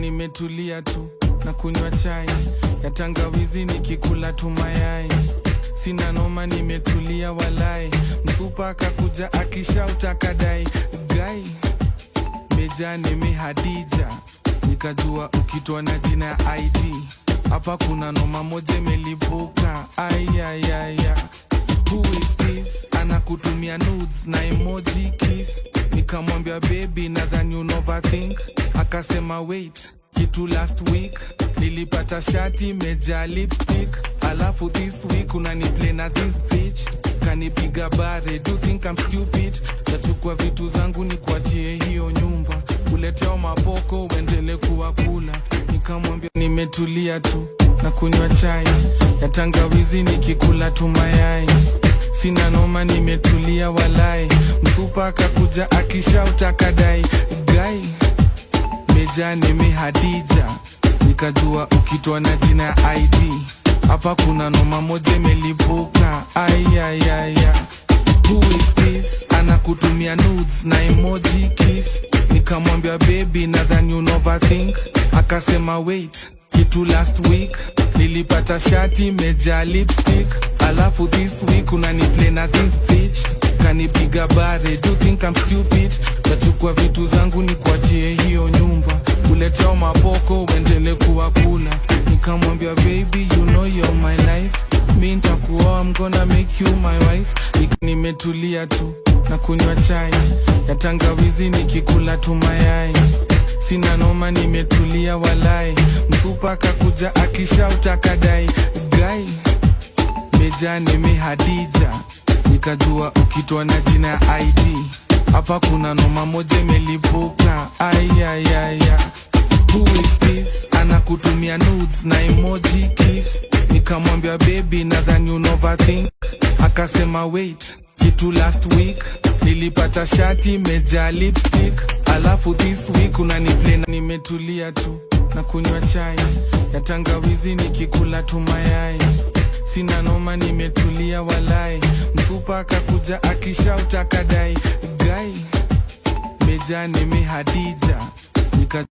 Nimetulia tu na kunywa chai ya tangawizi nikikula tu mayai, sina noma, nimetulia walai. Mfupa akakuja akishauta kadai gai meja nime Hadija, nikajua ukitwa na jina ya ID hapa kuna noma moja imelipuka, ayayaya who is this anakutumia nudes na emoji kiss nikamwambia baby nadhani unoverthink akasema wait kitu last week nilipata shati meja lipstick alafu this week unaniplay na this bitch kanipiga bare do think I'm stupid tachukua vitu zangu ni kuachie hiyo nyumba uletea mapoko uendele kuwa kula nikamwambia nimetulia tu na kunywa chai na tangawizi nikikula tu mayai. Sina noma, nimetulia walai. Mfupa akakuja akishauta kadai gai meja nime nikajua ukitwa na jina ya ID hapa kuna noma moja imelipuka. Ayayaya, who is this? Anakutumia nudes na emoji kiss. Nikamwambia baby, nadhani unoverthink. Akasema wait kitu last week nilipata shati meja lipstick, alafu this week unaniplay na this bitch kanipiga bare. Do think I'm stupid? Tachukua vitu zangu ni nikuachie hiyo nyumba, uletea mapoko uendele kuwakula. Nikamwambia baby, you know you're my life, mi ntakuoa, I'm gonna make you my wife. Nimetulia tu na kunywa chai ya tangawizi nikikula tu mayai sina noma, nimetulia walai. Mfupa kakuja akishauta kadai gai meja neme Hadija, nikajua ukitwa na jina ya ID hapa kuna noma moja imelipuka. Ayayaya, who is this? Anakutumia nudes na emoji kiss. Nikamwambia baby, nadhani you overthink. Akasema wait, kitu last week nilipata shati meja lipstick alafu this week unaniplay nimetulia tu na kunywa chai ya tangawizi nikikula tu mayai sina noma, nimetulia walai. Mfupa akakuja akishauta kadai gai mejani mihadija